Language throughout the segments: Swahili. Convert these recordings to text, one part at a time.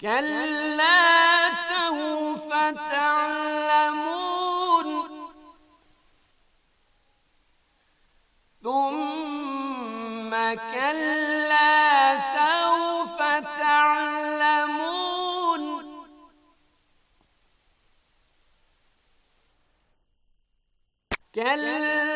كلا سوف تعلمون ثم كلا سوف تعلمون كلا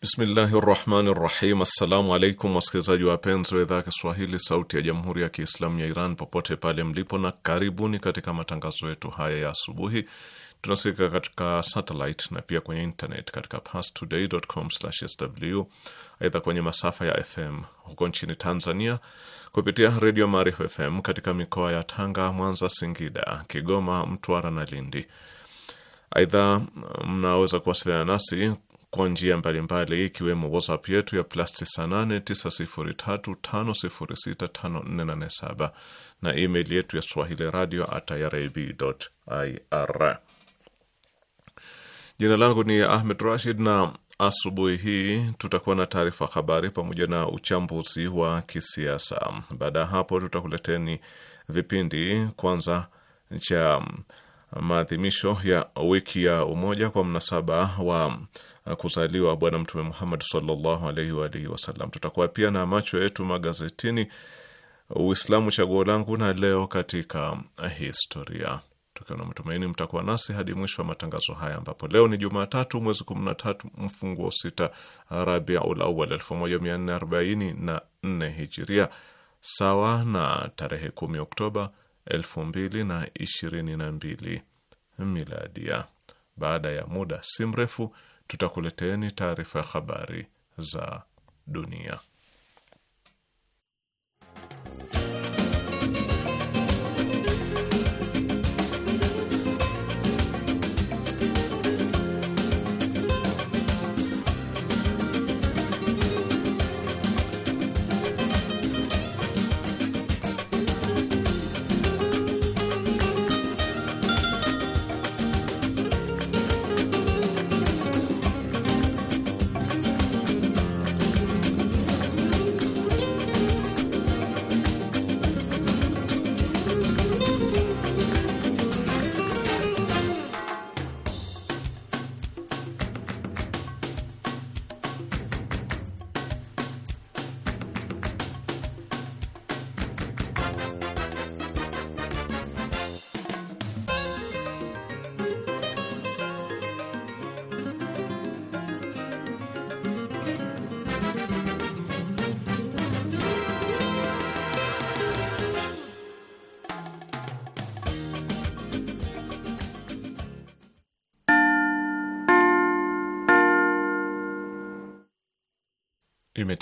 Bismillahi rahmani rahim. Assalamu alaikum wasikilizaji wapenzi wa idhaa Kiswahili sauti ya jamhuri ya Kiislamu ya Iran popote pale mlipo, na karibuni katika matangazo yetu haya ya asubuhi. Tunasikika katika satellite na pia kwenye internet katika pastoday.com/sw. Aidha, kwenye masafa ya FM huko nchini Tanzania kupitia redio Maarifa FM katika mikoa ya Tanga, Mwanza, Singida, Kigoma, Mtwara na Lindi. Aidha, mnaweza kuwasiliana nasi kwa njia mbalimbali ikiwemo WhatsApp yetu ya plus 989035065487 na email yetu ya swahili radio at irib.ir. Jina langu ni Ahmed Rashid na asubuhi hii tutakuwa na taarifa habari pamoja na uchambuzi wa kisiasa. Baada ya hapo, tutakuleteni vipindi kwanza cha maadhimisho ya wiki ya umoja kwa mnasaba wa kuzaliwa Bwana Mtume Muhammad sallallahu alaihi wa alihi wasallam. Tutakuwa pia na macho yetu magazetini, Uislamu chaguo langu, na leo katika historia, tukiwa na matumaini mtakuwa nasi hadi mwisho wa matangazo haya, ambapo leo ni Jumatatu mwezi 13 mfunguo sita Rabiul Awwal 1444 Hijiria sawa na tarehe 10 Oktoba 2022 Miladia. Baada ya muda si mrefu tutakuleteni taarifa ya habari za dunia.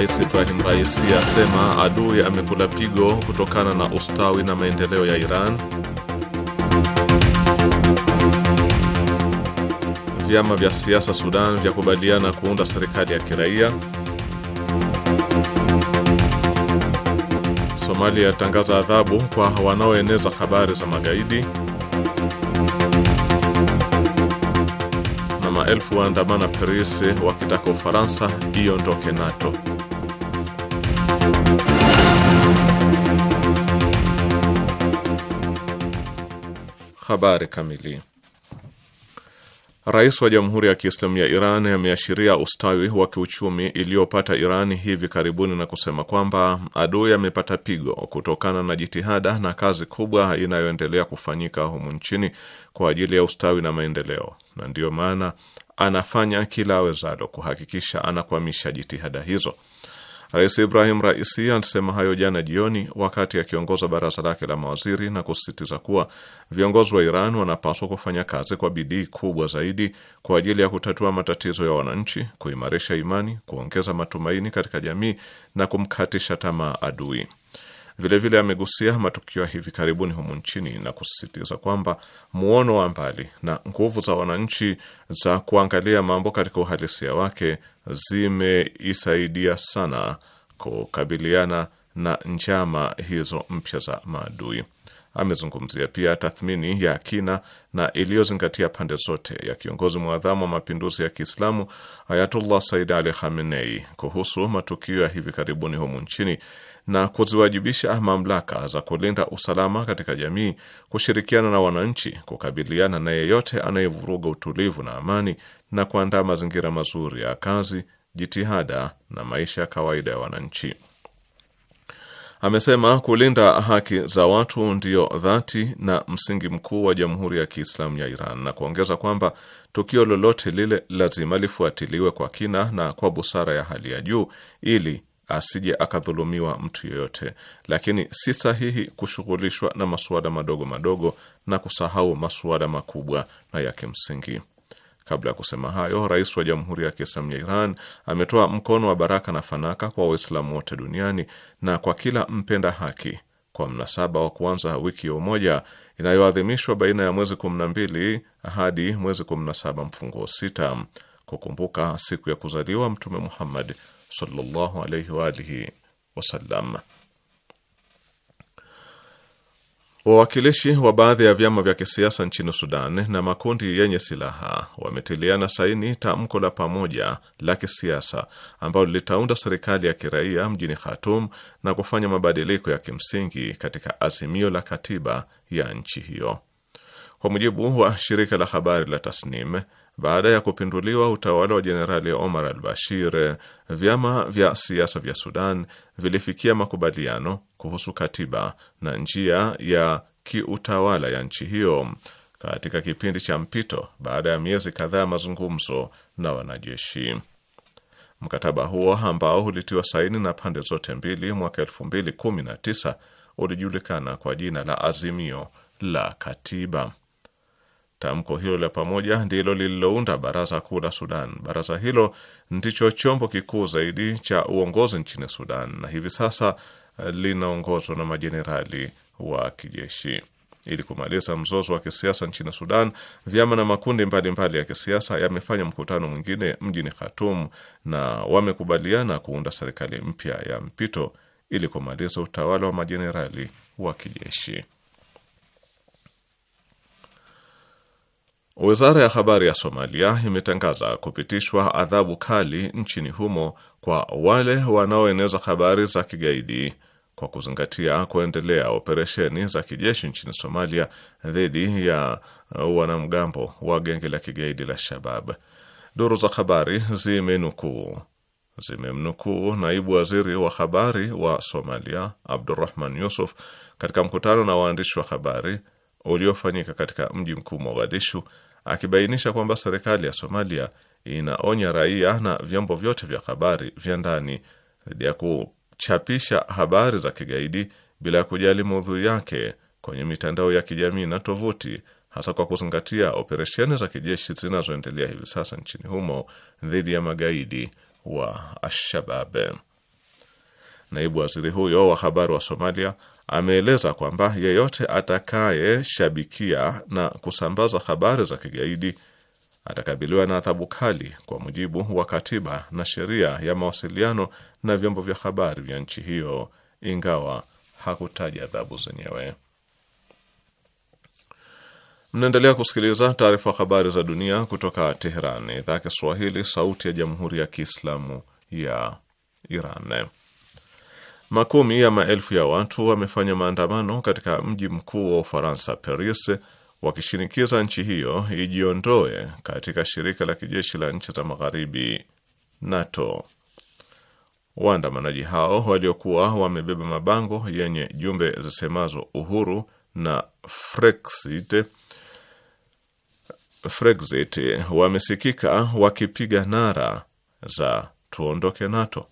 Rais Ibrahim Raisi asema adui amekula pigo kutokana na ustawi na maendeleo ya Iran. Vyama vya siasa Sudan vyakubaliana kuunda serikali ya kiraia. Somalia yatangaza adhabu kwa wanaoeneza habari za magaidi. Na maelfu waandamana Paris wakitaka Ufaransa iondoke NATO. Habari kamili. Rais wa Jamhuri ya Kiislamu ya Iran ameashiria ustawi wa kiuchumi iliyopata Iran hivi karibuni na kusema kwamba adui amepata pigo kutokana na jitihada na kazi kubwa inayoendelea kufanyika humu nchini kwa ajili ya ustawi na maendeleo, na ndiyo maana anafanya kila awezalo kuhakikisha anakwamisha jitihada hizo. Rais Ibrahim Raisi alisema hayo jana jioni wakati akiongoza baraza lake la mawaziri na kusisitiza kuwa viongozi wa Iran wanapaswa kufanya kazi kwa bidii kubwa zaidi kwa ajili ya kutatua matatizo ya wananchi, kuimarisha imani, kuongeza matumaini katika jamii na kumkatisha tamaa adui. Vilevile amegusia matukio ya hivi karibuni humu nchini na kusisitiza kwamba muono wa mbali na nguvu za wananchi za kuangalia mambo katika uhalisia wake zimeisaidia sana kukabiliana na njama hizo mpya za maadui. Amezungumzia pia tathmini ya kina na iliyozingatia pande zote ya kiongozi mwadhamu wa mapinduzi ya Kiislamu Ayatullah Said Ali Khamenei kuhusu matukio ya hivi karibuni humu nchini na kuziwajibisha mamlaka za kulinda usalama katika jamii kushirikiana na wananchi kukabiliana na yeyote anayevuruga utulivu na amani na kuandaa mazingira mazuri ya kazi, jitihada na maisha ya kawaida ya wananchi. Amesema kulinda haki za watu ndiyo dhati na msingi mkuu wa Jamhuri ya Kiislamu ya Iran na kuongeza kwamba tukio lolote lile lazima lifuatiliwe kwa kina na kwa busara ya hali ya juu ili asije akadhulumiwa mtu yoyote, lakini si sahihi kushughulishwa na masuala madogo madogo na kusahau masuala makubwa na ya kimsingi. Kabla ya kusema hayo, rais wa Jamhuri ya Kiislamu ya Iran ametoa mkono wa baraka na fanaka kwa Waislamu wote duniani na kwa kila mpenda haki kwa mnasaba wa kuanza wiki ya umoja inayoadhimishwa baina ya mwezi 12 hadi mwezi 17 mfungo sita kukumbuka siku ya kuzaliwa Mtume Muhammad sallallahu alayhi wa alihi wasallam. Wawakilishi wa baadhi ya vyama vya kisiasa nchini Sudan na makundi yenye silaha wametiliana saini tamko la pamoja la kisiasa ambalo litaunda serikali ya kiraia mjini Khartoum na kufanya mabadiliko ya kimsingi katika azimio la katiba ya nchi hiyo. Kwa mujibu wa shirika la habari la Tasnim, baada ya kupinduliwa utawala wa Jenerali Omar al Bashir, vyama vya siasa vya Sudan vilifikia makubaliano kuhusu katiba na njia ya kiutawala ya nchi hiyo katika kipindi cha mpito baada ya miezi kadhaa mazungumzo na wanajeshi. Mkataba huo ambao ulitiwa saini na pande zote mbili mwaka 2019 ulijulikana kwa jina la Azimio la Katiba. Tamko hilo la pamoja ndilo lililounda baraza kuu la Sudan. Baraza hilo ndicho chombo kikuu zaidi cha uongozi nchini Sudan na hivi sasa eh, linaongozwa na majenerali wa kijeshi. Ili kumaliza mzozo wa kisiasa nchini Sudan, vyama na makundi mbalimbali mbali ya kisiasa yamefanya mkutano mwingine mjini Khartoum na wamekubaliana kuunda serikali mpya ya mpito ili kumaliza utawala wa majenerali wa kijeshi. Wizara ya habari ya Somalia imetangaza kupitishwa adhabu kali nchini humo kwa wale wanaoeneza habari za kigaidi kwa kuzingatia kuendelea operesheni za kijeshi nchini Somalia dhidi ya wanamgambo wa genge la kigaidi la Shabab. Duru za habari zimenukuu zimemnukuu naibu waziri wa habari wa Somalia Abdurrahman Yusuf katika mkutano na waandishi wa habari uliofanyika katika mji mkuu Mogadishu akibainisha kwamba serikali ya Somalia inaonya raia na vyombo vyote vya habari vya ndani dhidi ya kuchapisha habari za kigaidi bila ya kujali maudhui yake kwenye mitandao ya kijamii na tovuti, hasa kwa kuzingatia operesheni za kijeshi zinazoendelea hivi sasa nchini humo dhidi ya magaidi wa Alshabab. Naibu waziri huyo wa habari wa Somalia ameeleza kwamba yeyote atakayeshabikia na kusambaza habari za kigaidi atakabiliwa na adhabu kali kwa mujibu wa katiba na sheria ya mawasiliano na vyombo vya habari vya nchi hiyo, ingawa hakutaja adhabu zenyewe. Mnaendelea kusikiliza taarifa habari za dunia kutoka Teheran, idhaa ya Kiswahili, sauti ya jamhuri ya kiislamu ya Iran. Makumi ya maelfu ya watu wamefanya maandamano katika mji mkuu wa Ufaransa, Paris, wakishinikiza nchi hiyo ijiondoe katika shirika la kijeshi la nchi za magharibi NATO. Waandamanaji hao waliokuwa wamebeba mabango yenye jumbe zisemazo uhuru na Frexit, Frexit wamesikika wakipiga nara za tuondoke NATO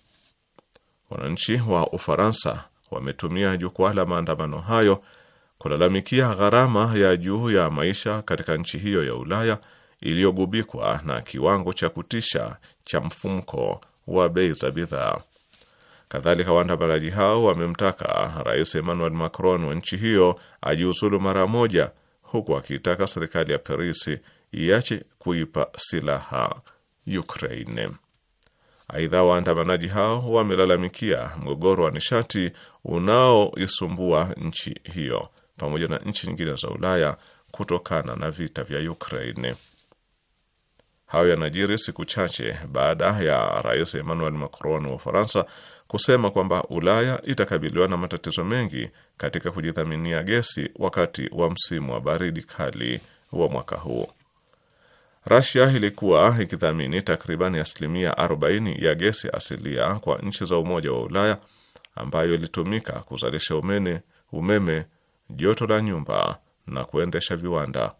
wananchi wa Ufaransa wametumia jukwaa la maandamano hayo kulalamikia gharama ya juu ya maisha katika nchi hiyo ya Ulaya iliyogubikwa na kiwango cha kutisha cha mfumko wa bei za bidhaa. Kadhalika, waandamanaji hao wamemtaka Rais Emmanuel Macron wa nchi hiyo ajiuzulu mara moja, huku akiitaka serikali ya Paris iache kuipa silaha Ukraine. Aidha, waandamanaji hao wamelalamikia mgogoro wa nishati unaoisumbua nchi hiyo pamoja na nchi nyingine za Ulaya kutokana na vita vya Ukraine. Hayo yanajiri siku chache baada ya Rais Emmanuel Macron wa Ufaransa kusema kwamba Ulaya itakabiliwa na matatizo mengi katika kujidhaminia gesi wakati wa msimu wa baridi kali wa mwaka huu. Rasia ilikuwa ikidhamini takriban asilimia 40 ya gesi asilia kwa nchi za Umoja wa Ulaya ambayo ilitumika kuzalisha umeme, umeme, joto la nyumba na kuendesha viwanda.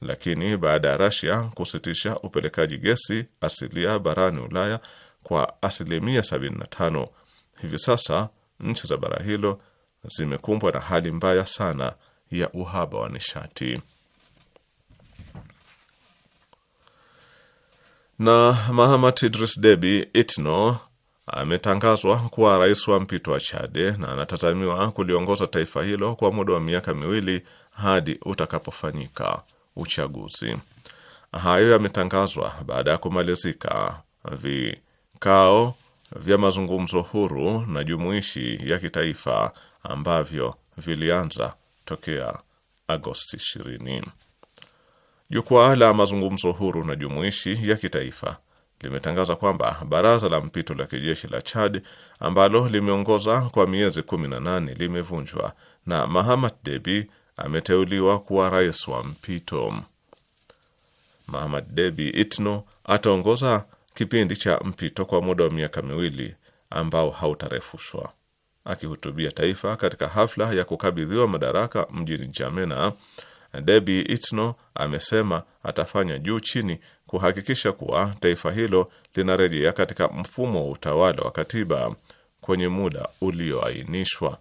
Lakini baada ya Rasia kusitisha upelekaji gesi asilia barani Ulaya kwa asilimia 75, hivi sasa nchi za bara hilo zimekumbwa na hali mbaya sana ya uhaba wa nishati. na Mahamat Idris Debi Itno ametangazwa kuwa rais wa mpito wa Chade na anatazamiwa kuliongoza taifa hilo kwa muda wa miaka miwili hadi utakapofanyika uchaguzi. Hayo yametangazwa baada ya kumalizika vikao vya mazungumzo huru na jumuishi ya kitaifa ambavyo vilianza tokea Agosti 20. Jukwaa la mazungumzo huru na jumuishi ya kitaifa limetangaza kwamba baraza la mpito la kijeshi la Chad ambalo limeongoza kwa miezi 18 limevunjwa na Mahamat debi ameteuliwa kuwa rais wa mpito. Mahamat debi Itno ataongoza kipindi cha mpito kwa muda wa miaka miwili ambao hautarefushwa. Akihutubia taifa katika hafla ya kukabidhiwa madaraka mjini Jamena, Debi Itno amesema atafanya juu chini kuhakikisha kuwa taifa hilo linarejea katika mfumo wa utawala wa katiba kwenye muda ulioainishwa.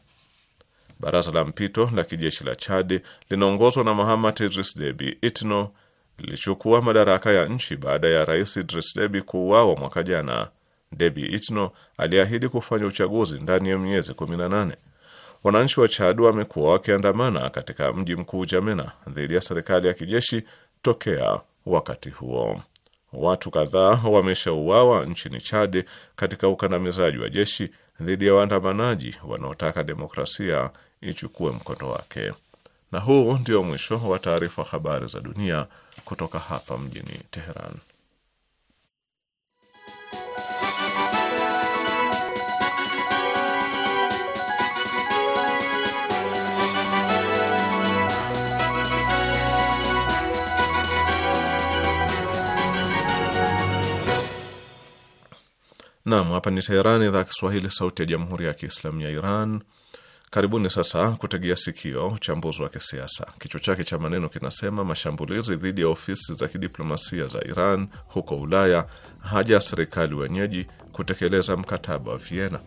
Baraza la mpito la kijeshi la Chadi linaongozwa na Mahamat Idris Debi Itno lilichukua madaraka ya nchi baada ya rais Idris Debi kuuawa mwaka jana. Debi Itno aliahidi kufanya uchaguzi ndani ya miezi 18. Wananchi wa Chad wamekuwa wakiandamana katika mji mkuu Jamena dhidi ya serikali ya kijeshi tokea wakati huo. Watu kadhaa wameshauawa nchini Chad katika ukandamizaji wa jeshi dhidi ya waandamanaji wanaotaka demokrasia ichukue mkondo wake. Na huu ndio mwisho wa taarifa habari za dunia kutoka hapa mjini Teheran. Naam, hapa ni Teheran, idhaa ya Kiswahili, sauti ya jamhuri ya kiislamu ya Iran. Karibuni sasa kutegea sikio uchambuzi wa kisiasa. Kichwa chake cha maneno kinasema mashambulizi dhidi ya ofisi za kidiplomasia za Iran huko Ulaya, haja ya serikali wenyeji kutekeleza mkataba wa Vienna.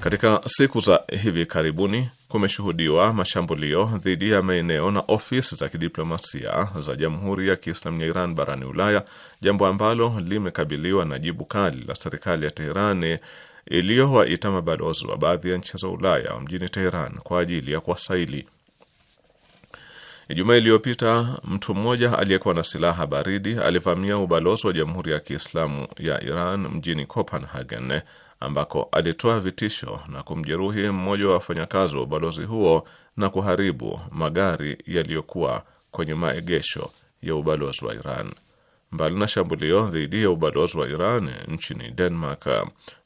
Katika siku za hivi karibuni kumeshuhudiwa mashambulio dhidi ya maeneo na ofisi za kidiplomasia za Jamhuri ya Kiislamu ya Iran barani Ulaya, jambo ambalo limekabiliwa na jibu kali la serikali ya Teherani iliyowaita mabalozi wa baadhi ya nchi za Ulaya mjini Teheran kwa ajili ya kuwasaili. Ijumaa iliyopita mtu mmoja aliyekuwa na silaha baridi alivamia ubalozi wa Jamhuri ya Kiislamu ya Iran mjini Copenhagen ambako alitoa vitisho na kumjeruhi mmoja wa wafanyakazi wa ubalozi huo na kuharibu magari yaliyokuwa kwenye maegesho ya ubalozi wa Iran. Mbali na shambulio dhidi ya ubalozi wa Iran nchini Denmark,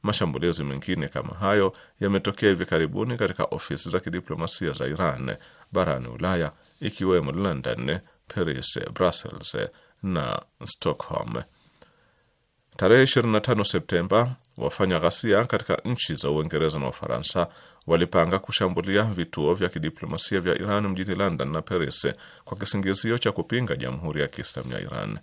mashambulizi mengine kama hayo yametokea hivi karibuni katika ofisi za kidiplomasia za Iran barani Ulaya, ikiwemo London, Paris, Brussels na Stockholm. Tarehe 25 Septemba wafanya ghasia katika nchi za Uingereza na Ufaransa walipanga kushambulia vituo vya kidiplomasia vya Iran mjini London na Paris kwa kisingizio cha kupinga Jamhuri ya Kiislamu ya Iran.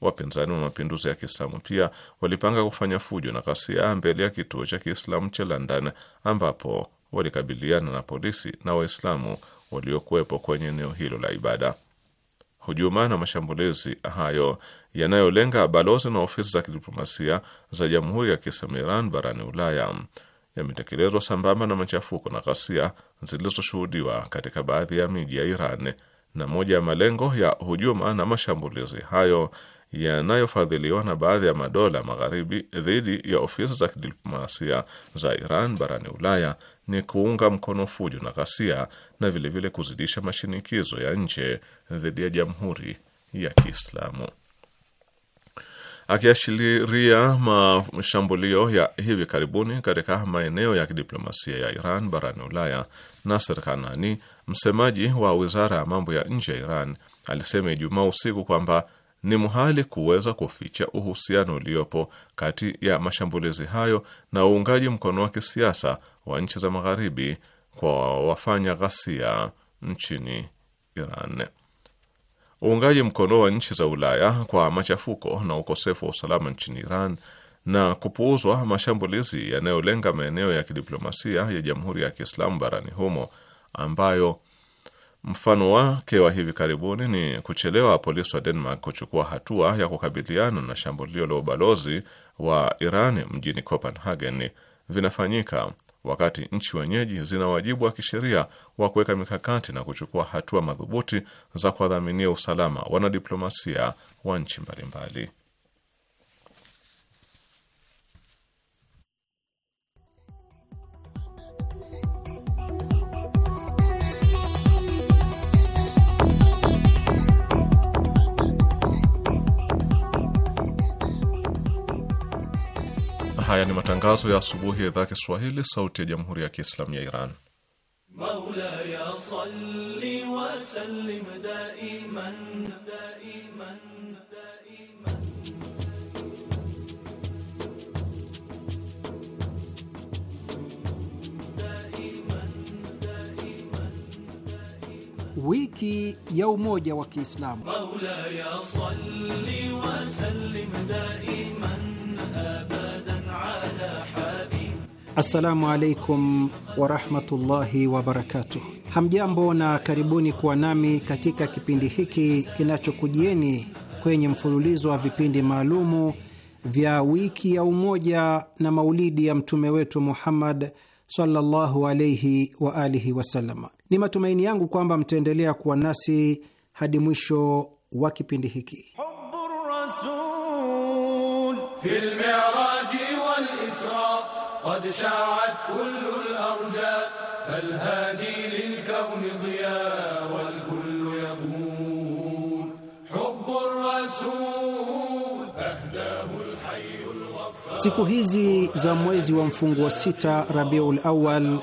Wapinzani wa mapinduzi ya Kiislamu pia walipanga kufanya fujo na ghasia mbele ya kituo cha Kiislamu cha London ambapo walikabiliana na polisi na Waislamu waliokuwepo kwenye eneo hilo la ibada hujuma na mashambulizi hayo yanayolenga balozi na ofisi za kidiplomasia za Jamhuri ya Kiislamu Iran barani Ulaya yametekelezwa sambamba na machafuko na ghasia zilizoshuhudiwa katika baadhi ya miji ya Iran, na moja ya malengo ya hujuma na mashambulizi hayo yanayofadhiliwa na baadhi ya madola magharibi dhidi ya ofisi za kidiplomasia za Iran barani Ulaya ni kuunga mkono fujo na ghasia na vilevile vile kuzidisha mashinikizo ya nje dhidi ya Jamhuri ya Kiislamu. Akiashiria mashambulio ya hivi karibuni katika maeneo ya kidiplomasia ya Iran barani Ulaya, Nasser Kanani, msemaji wa wizara ya mambo ya nje ya Iran, alisema Ijumaa usiku kwamba ni muhali kuweza kuficha uhusiano uliopo kati ya mashambulizi hayo na uungaji mkono wa kisiasa wa nchi za Magharibi kwa wafanya ghasia nchini Iran. Uungaji mkono wa nchi za Ulaya kwa machafuko na ukosefu wa usalama nchini Iran na kupuuzwa mashambulizi yanayolenga maeneo ya kidiplomasia ya Jamhuri ya Kiislamu barani humo ambayo Mfano wake wa hivi karibuni ni kuchelewa polisi wa Denmark kuchukua hatua ya kukabiliana na shambulio la ubalozi wa Iran mjini Copenhagen vinafanyika wakati nchi wenyeji zina wajibu wa kisheria wa kuweka mikakati na kuchukua hatua madhubuti za kuwadhaminia usalama wanadiplomasia wa nchi mbalimbali. haya ni matangazo ya asubuhi ya idhaa Kiswahili, sauti ya jamhuri ya kiislamu ya Iran. Maulaya salli wa sallim daiman, daiman, Wiki ya umoja wa Kiislamu. Maulaya salli wa sallim daiman Assalamu alaikum warahmatullahi wabarakatuh. Hamjambo na karibuni kuwa nami katika kipindi hiki kinachokujieni kwenye mfululizo wa vipindi maalumu vya wiki ya umoja na maulidi ya mtume wetu Muhammad sallallahu alaihi wa alihi wasallam. Ni matumaini yangu kwamba mtaendelea kuwa nasi hadi mwisho wa kipindi hiki. اليسرى قد شاعت كل الأرجاء فالهادي للكون ضياء والكل يقول حب الرسول أهداه الحي الغفار Siku hizi za mwezi wa mfungu wa sita Rabiul Awal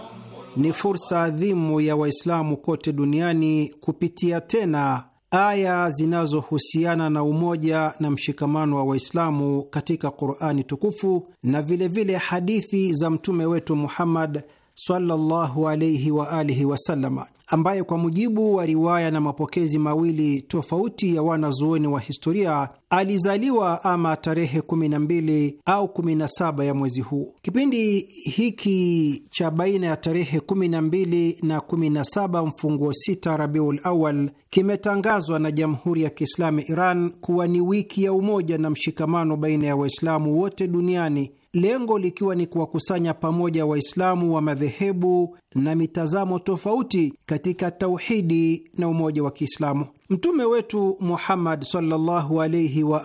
ni fursa adhimu ya Waislamu kote duniani kupitia tena aya zinazohusiana na umoja na mshikamano wa Waislamu katika Qurani tukufu na vilevile vile hadithi za mtume wetu Muhammad sallallahu alayhi wa alihi ambaye kwa mujibu wa riwaya na mapokezi mawili tofauti ya wanazuoni wa historia alizaliwa ama tarehe 12 au 17 ya mwezi huu. Kipindi hiki cha baina ya tarehe 12 na 17 mfunguo 6 Rabiul Awal kimetangazwa na Jamhuri ya Kiislamu Iran kuwa ni wiki ya umoja na mshikamano baina ya Waislamu wote duniani lengo likiwa ni kuwakusanya pamoja Waislamu wa madhehebu na mitazamo tofauti katika tauhidi na umoja wa Kiislamu. Mtume wetu Muhammad sallallahu wa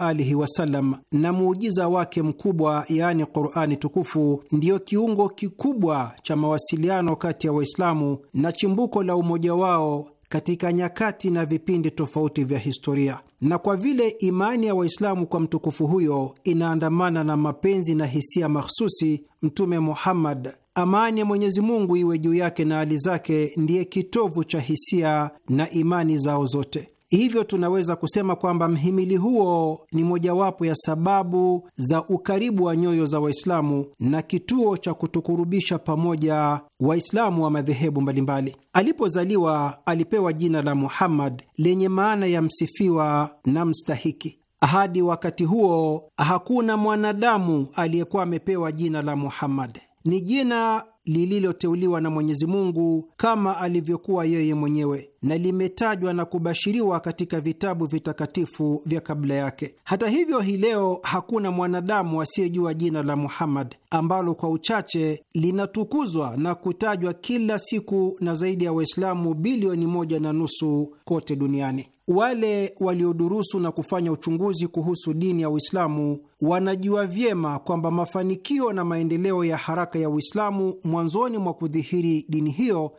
alihi wasallam na muujiza wake mkubwa, yaani Qurani tukufu, ndiyo kiungo kikubwa cha mawasiliano kati ya Waislamu na chimbuko la umoja wao katika nyakati na vipindi tofauti vya historia, na kwa vile imani ya Waislamu kwa mtukufu huyo inaandamana na mapenzi na hisia mahsusi, Mtume Muhammad, amani ya Mwenyezi Mungu iwe juu yake na hali zake, ndiye kitovu cha hisia na imani zao zote. Hivyo tunaweza kusema kwamba mhimili huo ni mojawapo ya sababu za ukaribu wa nyoyo za Waislamu na kituo cha kutukurubisha pamoja Waislamu wa madhehebu mbalimbali. Alipozaliwa alipewa jina la Muhammad lenye maana ya msifiwa na mstahiki. Hadi wakati huo hakuna mwanadamu aliyekuwa amepewa jina la Muhammad. Ni jina lililoteuliwa na Mwenyezi Mungu kama alivyokuwa yeye mwenyewe na limetajwa na kubashiriwa katika vitabu vitakatifu vya kabla yake. Hata hivyo, hii leo hakuna mwanadamu asiyejua jina la Muhammad ambalo kwa uchache linatukuzwa na kutajwa kila siku na zaidi ya Waislamu bilioni moja na nusu kote duniani. Wale waliodurusu na kufanya uchunguzi kuhusu dini ya Uislamu wanajua vyema kwamba mafanikio na maendeleo ya haraka ya Uislamu mwanzoni mwa kudhihiri dini hiyo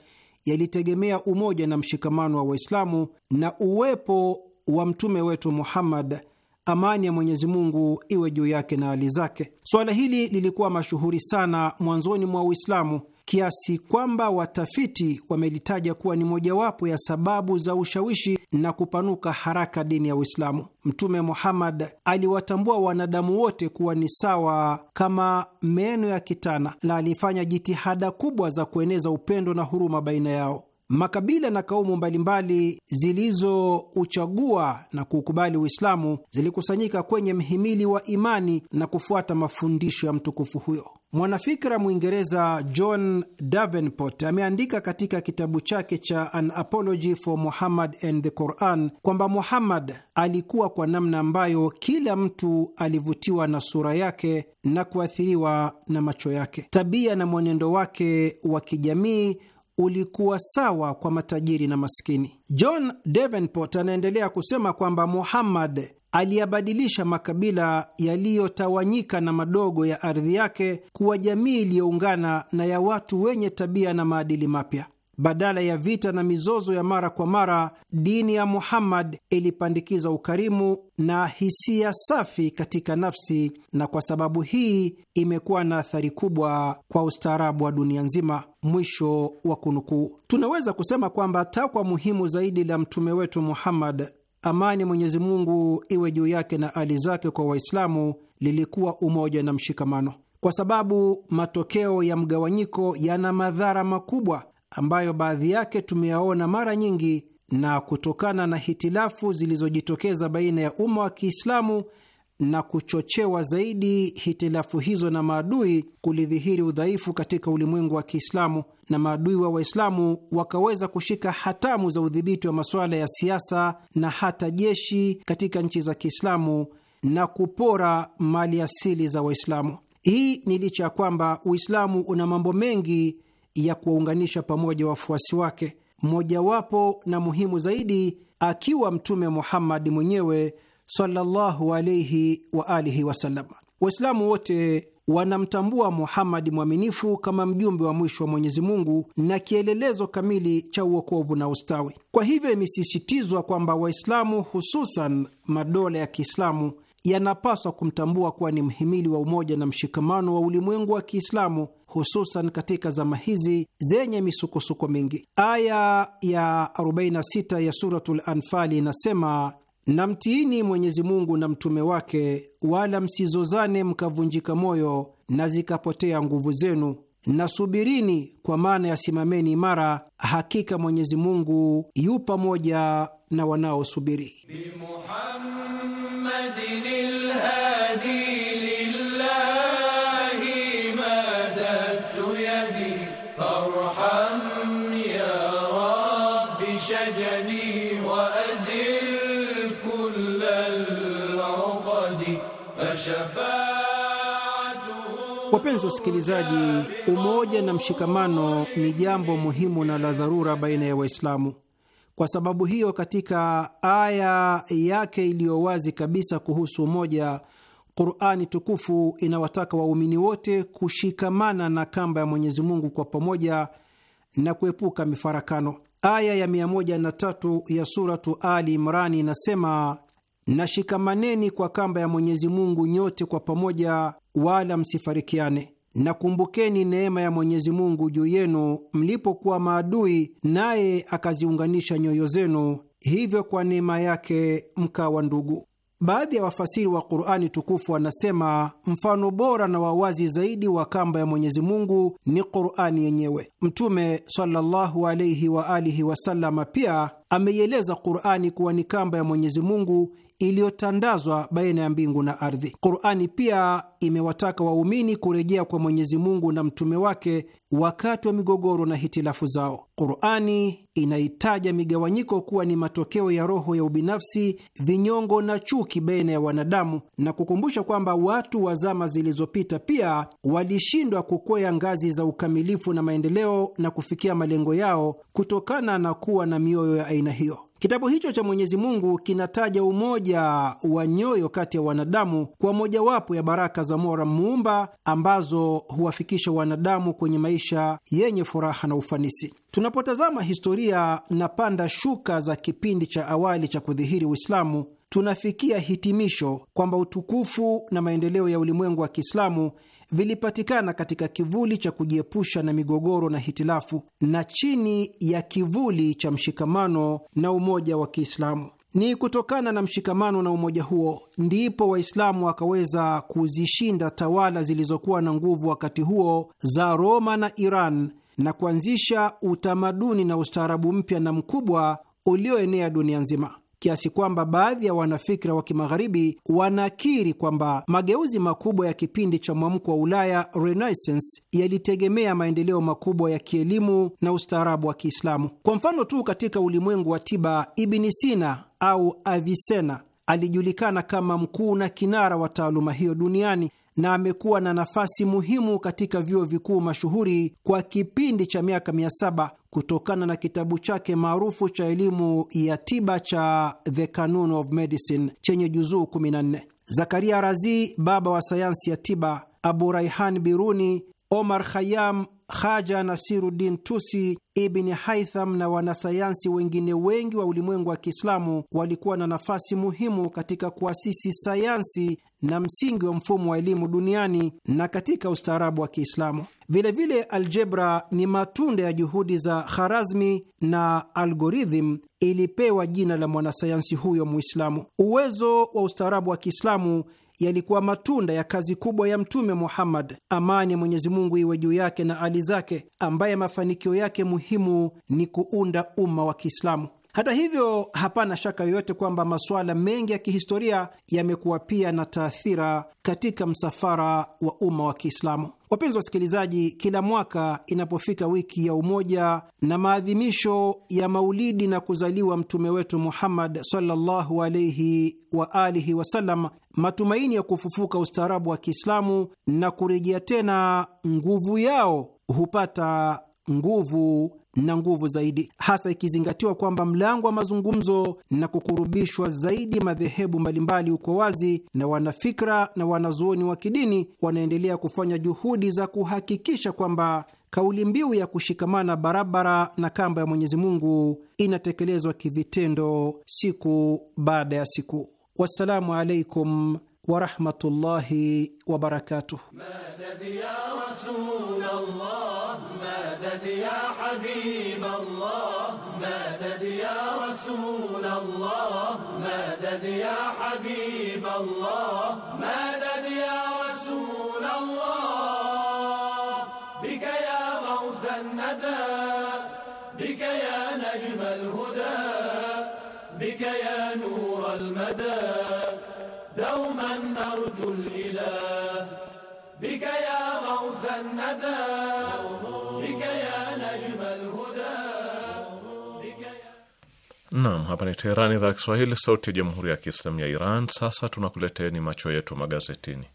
yalitegemea umoja na mshikamano wa Waislamu na uwepo wa mtume wetu Muhammad, amani ya Mwenyezi Mungu iwe juu yake na hali zake. Suala hili lilikuwa mashuhuri sana mwanzoni mwa Uislamu kiasi kwamba watafiti wamelitaja kuwa ni mojawapo ya sababu za ushawishi na kupanuka haraka dini ya Uislamu. Mtume Muhammad aliwatambua wanadamu wote kuwa ni sawa kama meno ya kitana na alifanya jitihada kubwa za kueneza upendo na huruma baina yao. Makabila na kaumu mbalimbali zilizouchagua na kuukubali Uislamu zilikusanyika kwenye mhimili wa imani na kufuata mafundisho ya mtukufu huyo. Mwanafikra Mwingereza John Davenport ameandika katika kitabu chake cha An Apology for Muhammad and the Quran kwamba Muhammad alikuwa kwa namna ambayo kila mtu alivutiwa na sura yake na kuathiriwa na macho yake. Tabia na mwenendo wake wa kijamii ulikuwa sawa kwa matajiri na maskini. John Davenport anaendelea kusema kwamba Muhammad aliyabadilisha makabila yaliyotawanyika na madogo ya ardhi yake kuwa jamii iliyoungana na ya watu wenye tabia na maadili mapya. Badala ya vita na mizozo ya mara kwa mara, dini ya Muhammad ilipandikiza ukarimu na hisia safi katika nafsi, na kwa sababu hii imekuwa na athari kubwa kwa ustaarabu wa dunia nzima. Mwisho wa kunukuu. Tunaweza kusema kwamba takwa muhimu zaidi la mtume wetu Muhammad amani Mwenyezi Mungu iwe juu yake na ali zake kwa Waislamu lilikuwa umoja na mshikamano, kwa sababu matokeo ya mgawanyiko yana madhara makubwa ambayo baadhi yake tumeyaona mara nyingi, na kutokana na hitilafu zilizojitokeza baina ya umma wa Kiislamu na kuchochewa zaidi hitilafu hizo na maadui kulidhihiri udhaifu katika ulimwengu wa Kiislamu, na maadui wa Waislamu wakaweza kushika hatamu za udhibiti wa masuala ya siasa na hata jeshi katika nchi za Kiislamu na kupora mali asili za Waislamu. Hii ni licha ya kwamba Uislamu una mambo mengi ya kuwaunganisha pamoja wafuasi wake, mmojawapo na muhimu zaidi akiwa Mtume Muhammadi mwenyewe sallallahu alayhi wa alihi wasallam. Waislamu wote wanamtambua Muhamadi mwaminifu kama mjumbe wa mwisho wa Mwenyezi Mungu na kielelezo kamili cha uokovu na ustawi. Kwa hivyo, imesisitizwa kwamba Waislamu, hususan madola ya Kiislamu, yanapaswa kumtambua kuwa ni mhimili wa umoja na mshikamano wa ulimwengu wa Kiislamu, hususan katika zama hizi zenye misukosuko mingi. Aya ya 46 ya Suratul Anfali inasema na mtiini Mwenyezi Mungu na mtume wake, wala msizozane mkavunjika moyo na zikapotea nguvu zenu, na subirini, kwa maana ya simameni imara, hakika Mwenyezi Mungu yu pamoja na wanaosubiri. Bi Muhammadin al-Hadi Wapenzi wasikilizaji, umoja na mshikamano ni jambo muhimu na la dharura baina ya Waislamu. Kwa sababu hiyo, katika aya yake iliyo wazi kabisa kuhusu umoja, Qurani tukufu inawataka waumini wote kushikamana na kamba ya Mwenyezi Mungu kwa pamoja na kuepuka mifarakano. Aya ya 103 ya Suratu Ali Imrani inasema na shikamaneni kwa kamba ya Mwenyezi Mungu nyote kwa pamoja, wala msifarikiane. nakumbukeni neema ya Mwenyezi Mungu juu yenu mlipokuwa maadui, naye akaziunganisha nyoyo zenu, hivyo kwa neema yake mkawa ndugu. Baadhi ya wafasiri wa Qur'ani tukufu wanasema mfano bora na wawazi zaidi wa kamba ya Mwenyezi Mungu ni Qur'ani yenyewe. Mtume sallallahu wa alihi pia ameieleza Qur'ani kuwa ni kamba ya Mwenyezi Mungu iliyotandazwa baina ya mbingu na ardhi. Qurani pia imewataka waumini kurejea kwa Mwenyezi Mungu na mtume wake wakati wa migogoro na hitilafu zao. Qurani inaitaja migawanyiko kuwa ni matokeo ya roho ya ubinafsi, vinyongo na chuki baina ya wanadamu na kukumbusha kwamba watu wa zama zilizopita pia walishindwa kukwea ngazi za ukamilifu na maendeleo na kufikia malengo yao kutokana na kuwa na mioyo ya aina hiyo. Kitabu hicho cha Mwenyezi Mungu kinataja umoja wa nyoyo kati ya wanadamu kwa mojawapo ya baraka za Mola Muumba ambazo huwafikisha wanadamu kwenye maisha yenye furaha na ufanisi. Tunapotazama historia na panda shuka za kipindi cha awali cha kudhihiri Uislamu, tunafikia hitimisho kwamba utukufu na maendeleo ya ulimwengu wa Kiislamu vilipatikana katika kivuli cha kujiepusha na migogoro na hitilafu na chini ya kivuli cha mshikamano na umoja wa Kiislamu. Ni kutokana na mshikamano na umoja huo ndipo Waislamu wakaweza kuzishinda tawala zilizokuwa na nguvu wakati huo za Roma na Iran na kuanzisha utamaduni na ustaarabu mpya na mkubwa ulioenea dunia nzima kiasi kwamba baadhi ya wanafikra wa kimagharibi wanakiri kwamba mageuzi makubwa ya kipindi cha mwamko wa Ulaya, Renaissance, yalitegemea maendeleo makubwa ya kielimu na ustaarabu wa Kiislamu. Kwa mfano tu, katika ulimwengu wa tiba, Ibni Sina au avicena alijulikana kama mkuu na kinara wa taaluma hiyo duniani na amekuwa na nafasi muhimu katika vyuo vikuu mashuhuri kwa kipindi cha miaka mia saba kutokana na kitabu chake maarufu cha elimu ya tiba cha The Canon of Medicine chenye juzuu 14. Zakaria Razi, baba wa sayansi ya tiba, Abu Raihan Biruni Omar Khayam, Haja Nasiruddin Tusi, Ibni Haitham na wanasayansi wengine wengi wa ulimwengu wa Kiislamu walikuwa na nafasi muhimu katika kuasisi sayansi na msingi wa mfumo wa elimu duniani na katika ustaarabu wa Kiislamu. Vilevile, aljebra ni matunda ya juhudi za Kharazmi na algorithm ilipewa jina la mwanasayansi huyo Muislamu. Uwezo wa ustaarabu wa Kiislamu yalikuwa matunda ya kazi kubwa ya Mtume Muhammad, amani ya Mwenyezi Mungu iwe juu yake na ali zake, ambaye mafanikio yake muhimu ni kuunda umma wa Kiislamu. Hata hivyo, hapana shaka yoyote kwamba masuala mengi ya kihistoria yamekuwa pia na taathira katika msafara wa umma wa Kiislamu. Wapenzi wasikilizaji, kila mwaka inapofika wiki ya umoja na maadhimisho ya maulidi na kuzaliwa mtume wetu Muhammad sallallahu alaihi wa alihi wasallam, matumaini ya kufufuka ustaarabu wa Kiislamu na kurejea tena nguvu yao hupata nguvu na nguvu zaidi, hasa ikizingatiwa kwamba mlango wa mazungumzo na kukurubishwa zaidi madhehebu mbalimbali uko wazi, na wanafikra na wanazuoni wa kidini wanaendelea kufanya juhudi za kuhakikisha kwamba kauli mbiu ya kushikamana barabara na kamba ya Mwenyezi Mungu inatekelezwa kivitendo siku baada ya siku. والسلام عليكم ورحمة الله وبركاته مدد يا رسول الله مدد يا حبيب الله مدد يا رسول الله مدد يا حبيب الله مدد يا رسول الله بك يا غوث الندى بك يا نجم الهدى بك يا نور والمدى دوما نرجو الإله بك يا غوث الندى بك يا نجم الهدى Naam, hapa ni Teherani, idhaa ya Kiswahili, sauti ya jamhuri ya kiislamu ya Iran. Sasa tunakuleteni macho yetu magazetini.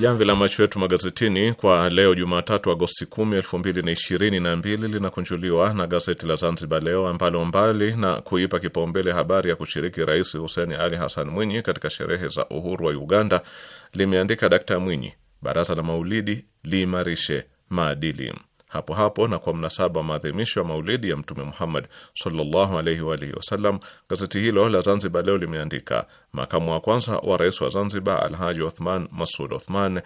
Jamvi la macho yetu magazetini kwa leo Jumatatu, Agosti 10, 2022 linakunjuliwa na gazeti la Zanzibar Leo ambalo mbali na kuipa kipaumbele habari ya kushiriki Rais Hussein Ali Hassan Mwinyi katika sherehe za uhuru wa Uganda limeandika Dkt Mwinyi, baraza la maulidi liimarishe maadili. Hapo hapo na kwa mnasaba maadhimisho ya maulidi ya Mtume Muhammad sallallahu alaihi wa alihi wasallam, gazeti hilo la Zanzibar Leo limeandika makamu wa kwanza wa rais wa Zanzibar Alhaji Othman Masud Othman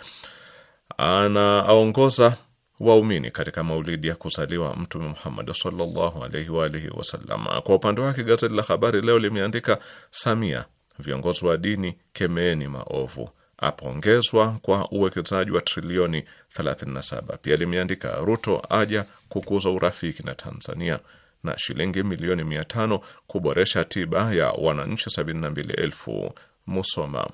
anaongoza waumini katika maulidi ya kuzaliwa Mtume Muhammad sallallahu alaihi wa alihi wasallam. Kwa upande wake gazeti la Habari Leo limeandika Samia, viongozi wa dini kemeeni maovu apongezwa kwa uwekezaji wa trilioni 37. Pia limeandika Ruto aja kukuza urafiki na Tanzania na shilingi milioni 500 kuboresha tiba ya wananchi 72,000 Musoma.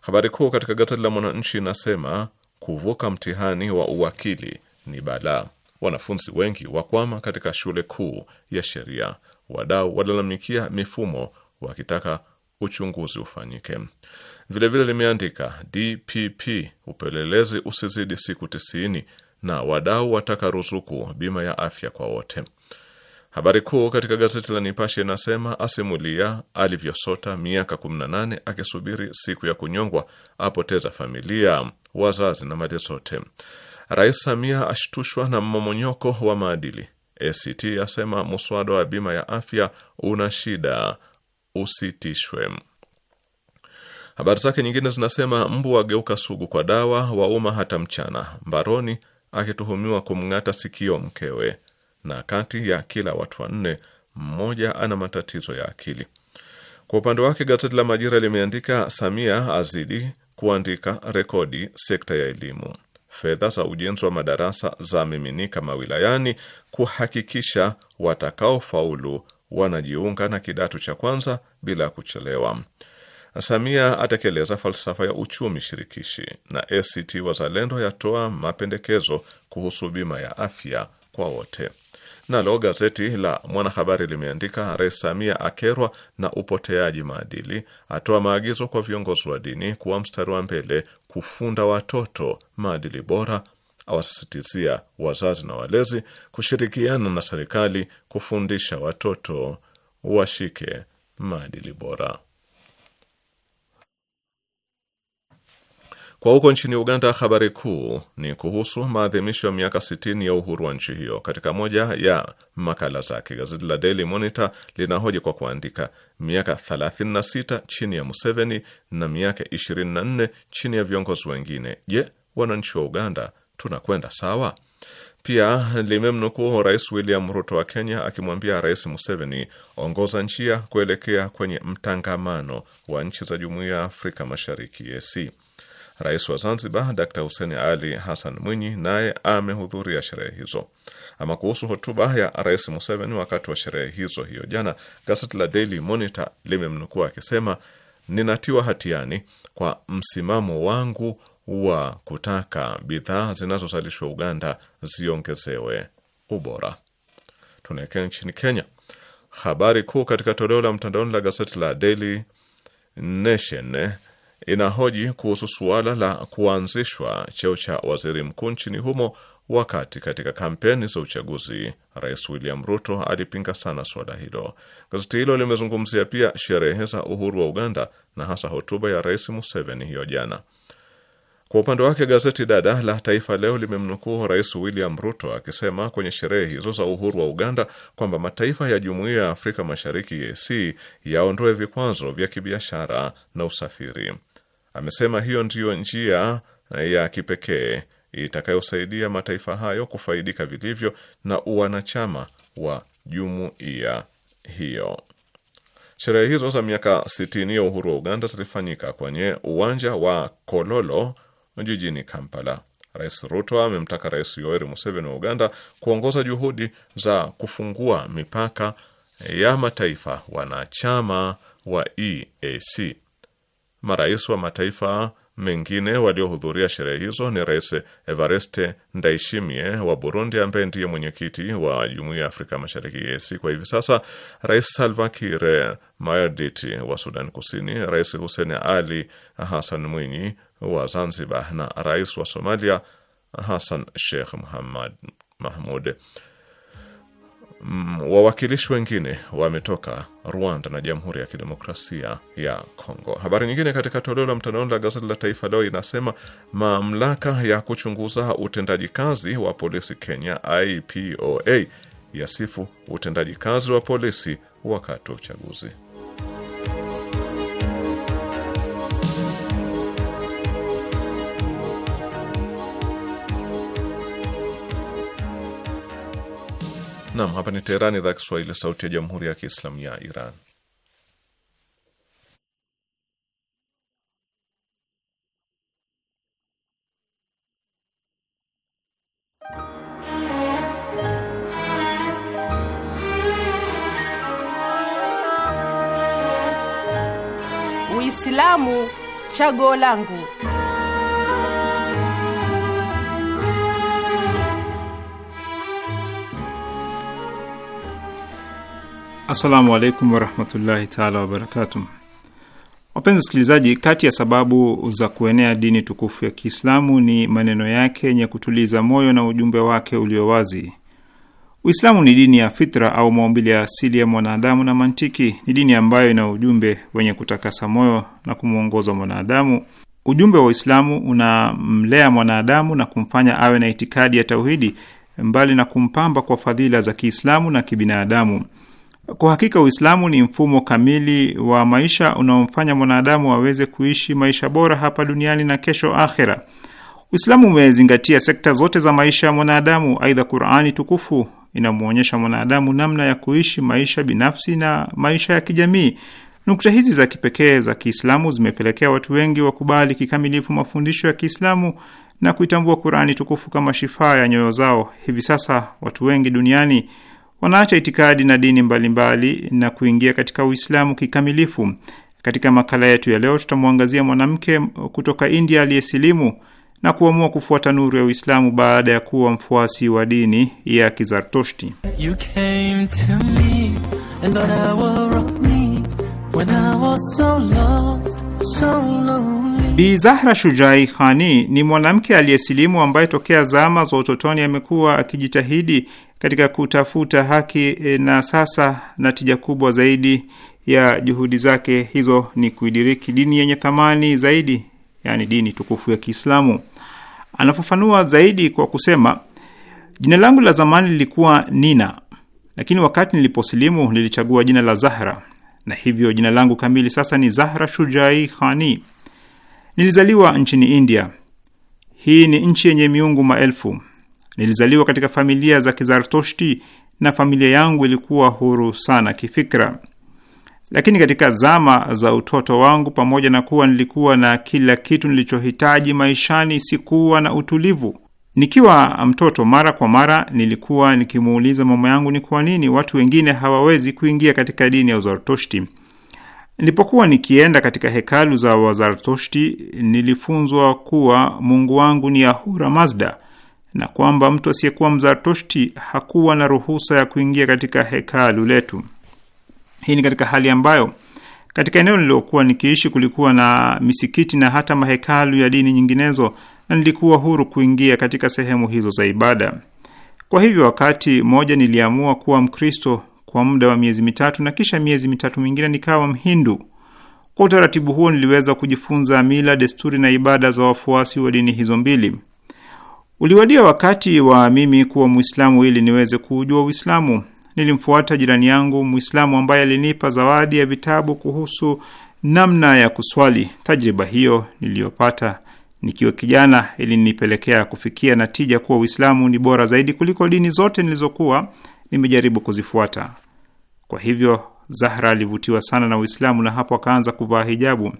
Habari kuu katika gazeti la Mwananchi inasema kuvuka mtihani wa uwakili ni balaa, wanafunzi wengi wakwama katika shule kuu ya sheria, wadau walalamikia mifumo wakitaka uchunguzi ufanyike. Vilevile limeandika DPP, upelelezi usizidi siku tisini na wadau wataka ruzuku bima ya afya kwa wote. Habari kuu katika gazeti la Nipashe inasema asimulia alivyosota miaka 18 akisubiri siku ya kunyongwa, apoteza familia, wazazi na mali zote. Rais Samia ashtushwa na mmomonyoko wa maadili. ACT asema muswada wa bima ya afya una shida, usitishwe. Habari zake nyingine zinasema mbu ageuka sugu kwa dawa, wauma hata mchana, mbaroni akituhumiwa kumng'ata sikio mkewe, na kati ya kila watu wanne mmoja ana matatizo ya akili. Kwa upande wake gazeti la Majira limeandika Samia azidi kuandika rekodi sekta ya elimu, fedha za ujenzi wa madarasa za miminika mawilayani kuhakikisha watakaofaulu wanajiunga na kidato cha kwanza bila kuchelewa. Samia atekeleza falsafa ya uchumi shirikishi, na ACT Wazalendo yatoa mapendekezo kuhusu bima ya afya kwa wote. Nalo gazeti la Mwanahabari limeandika Rais Samia akerwa na upoteaji maadili, atoa maagizo kwa viongozi wa dini kuwa mstari wa mbele kufunda watoto maadili bora, awasisitizia wazazi na walezi kushirikiana na serikali kufundisha watoto washike maadili bora. Kwa huko nchini Uganda, habari kuu ni kuhusu maadhimisho ya miaka 60 ya uhuru wa nchi hiyo. Katika moja ya makala zake, gazeti la Daily Monitor linahoji kwa kuandika miaka 36 chini ya Museveni na miaka 24 chini ya viongozi wengine. Je, wananchi wa Uganda tunakwenda sawa? Pia limemnukuu Rais William Ruto wa Kenya akimwambia Rais Museveni, ongoza njia kuelekea kwenye mtangamano wa nchi za Jumuiya ya Afrika Mashariki EAC. Rais wa Zanzibar Dr husen Ali Hassan Mwinyi naye amehudhuria sherehe hizo. Ama kuhusu hotuba ya Rais Museveni wakati wa sherehe hizo hiyo jana, gazeti la Daily Monitor limemnukua akisema, ninatiwa hatiani kwa msimamo wangu wa kutaka bidhaa zinazozalishwa Uganda ziongezewe ubora. Tunaelekea nchini Kenya. Habari kuu katika toleo la mtandaoni la gazeti la Daily Nation inahoji kuhusu suala la kuanzishwa cheo cha waziri mkuu nchini humo, wakati katika kampeni za uchaguzi Rais William Ruto alipinga sana suala hilo. Gazeti hilo limezungumzia pia sherehe za uhuru wa Uganda na hasa hotuba ya Rais Museveni hiyo jana. Kwa upande wake gazeti dada la Taifa Leo limemnukuu Rais William Ruto akisema kwenye sherehe hizo za uhuru wa Uganda kwamba mataifa ya Jumuiya ya Afrika Mashariki EAC yaondoe vikwazo vya kibiashara na usafiri. Amesema hiyo ndiyo njia eh, ya kipekee itakayosaidia mataifa hayo kufaidika vilivyo na uwanachama wa jumuiya hiyo. Sherehe hizo za miaka 60 ya uhuru wa Uganda zilifanyika kwenye uwanja wa Kololo jijini Kampala. Rais Ruto amemtaka Rais Yoweri Museveni wa Uganda kuongoza juhudi za kufungua mipaka ya mataifa wanachama wa EAC. Marais wa mataifa mengine waliohudhuria sherehe hizo ni Rais Evariste Ndayishimiye wa Burundi, ambaye ndiye mwenyekiti wa Jumuiya ya Afrika Mashariki EAC kwa hivi sasa, Rais Salva Kiir Mayardit wa Sudan Kusini, Rais Hussein Ali Hassan Mwinyi wa Zanzibar na Rais wa Somalia Hassan Sheikh Muhammad Mahmud. Mm, wawakilishi wengine wametoka Rwanda na Jamhuri ya Kidemokrasia ya Kongo. Habari nyingine katika toleo la mtandaoni la gazeti la Taifa Leo inasema mamlaka ya kuchunguza utendaji kazi wa polisi Kenya, IPOA, yasifu utendaji kazi wa polisi wakati wa uchaguzi. Naam, hapa ni Teherani, idhaa Kiswahili, sauti ya jamhuri ya kiislamu ya Iran. Uislamu chaguo langu. Assalamu alaikum warahmatullahi taala wabarakatu. Wapenzi wasikilizaji, kati ya sababu za kuenea dini tukufu ya Kiislamu ni maneno yake yenye kutuliza moyo na ujumbe wake ulio wazi. Uislamu ni dini ya fitra au maumbili ya asili ya mwanadamu na mantiki. Ni dini ambayo ina ujumbe wenye kutakasa moyo na kumwongoza mwanadamu. Ujumbe wa Uislamu unamlea mwanadamu na kumfanya awe na itikadi ya tauhidi, mbali na kumpamba kwa fadhila za Kiislamu na kibinadamu. Kwa hakika Uislamu ni mfumo kamili wa maisha unaomfanya mwanadamu aweze kuishi maisha bora hapa duniani na kesho akhera. Uislamu umezingatia sekta zote za maisha ya mwanadamu. Aidha, Qurani tukufu inamwonyesha mwanadamu namna ya kuishi maisha binafsi na maisha ya kijamii. Nukta hizi za kipekee za Kiislamu zimepelekea watu wengi wakubali kikamilifu mafundisho ya Kiislamu na kuitambua Qurani tukufu kama shifaa ya nyoyo zao. Hivi sasa watu wengi duniani wanaacha itikadi na dini mbalimbali mbali na kuingia katika Uislamu kikamilifu. Katika makala yetu ya leo, tutamwangazia mwanamke kutoka India aliyesilimu na kuamua kufuata nuru ya Uislamu baada ya kuwa mfuasi wa dini ya Kizartoshti. Bi Zahra Shujai Khani ni mwanamke aliyesilimu ambaye tokea zama za utotoni amekuwa akijitahidi katika kutafuta haki e, na sasa natija kubwa zaidi ya juhudi zake hizo ni kuidiriki dini yenye thamani zaidi, yani dini tukufu ya Kiislamu. Anafafanua zaidi kwa kusema, jina langu la zamani lilikuwa Nina, lakini wakati niliposilimu nilichagua jina la Zahra, na hivyo jina langu kamili sasa ni Zahra Shujai Khani. Nilizaliwa nchini India. Hii ni nchi yenye miungu maelfu Nilizaliwa katika familia za Kizartoshti na familia yangu ilikuwa huru sana kifikra. Lakini katika zama za utoto wangu, pamoja na kuwa nilikuwa na kila kitu nilichohitaji maishani, sikuwa na utulivu. Nikiwa mtoto, mara kwa mara nilikuwa nikimuuliza mama yangu ni kwa nini watu wengine hawawezi kuingia katika dini ya Uzartoshti. Nilipokuwa nikienda katika hekalu za Wazartoshti, nilifunzwa kuwa Mungu wangu ni Ahura Mazda na kwamba mtu asiyekuwa Mzaratushti hakuwa na ruhusa ya kuingia katika hekalu letu. Hii ni katika hali ambayo katika eneo nililokuwa nikiishi kulikuwa na misikiti na hata mahekalu ya dini nyinginezo, na nilikuwa huru kuingia katika sehemu hizo za ibada. Kwa hivyo, wakati mmoja niliamua kuwa Mkristo kwa muda wa miezi mitatu na kisha miezi mitatu mingine nikawa Mhindu. Kwa utaratibu huo, niliweza kujifunza mila, desturi na ibada za wafuasi wa dini hizo mbili. Uliwadia wakati wa mimi kuwa Mwislamu ili niweze kuujua Uislamu. Nilimfuata jirani yangu Mwislamu ambaye alinipa zawadi ya vitabu kuhusu namna ya kuswali. Tajriba hiyo niliyopata nikiwa kijana ilinipelekea kufikia natija kuwa Uislamu ni bora zaidi kuliko dini zote nilizokuwa nimejaribu kuzifuata. Kwa hivyo, Zahra alivutiwa sana na Uislamu na hapo akaanza kuvaa hijabu.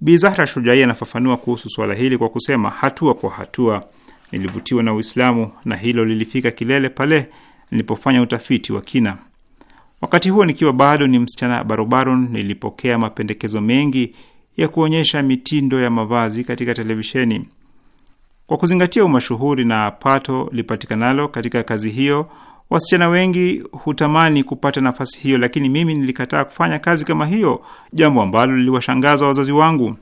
Bi Zahra Shujai anafafanua kuhusu suala hili kwa kusema, hatua kwa hatua Nilivutiwa na Uislamu na hilo lilifika kilele pale nilipofanya utafiti wa kina. Wakati huo nikiwa bado ni msichana barobaro, nilipokea mapendekezo mengi ya kuonyesha mitindo ya mavazi katika televisheni. Kwa kuzingatia umashuhuri na pato lipatikanalo katika kazi hiyo, wasichana wengi hutamani kupata nafasi hiyo, lakini mimi nilikataa kufanya kazi kama hiyo, jambo ambalo liliwashangaza wazazi wangu.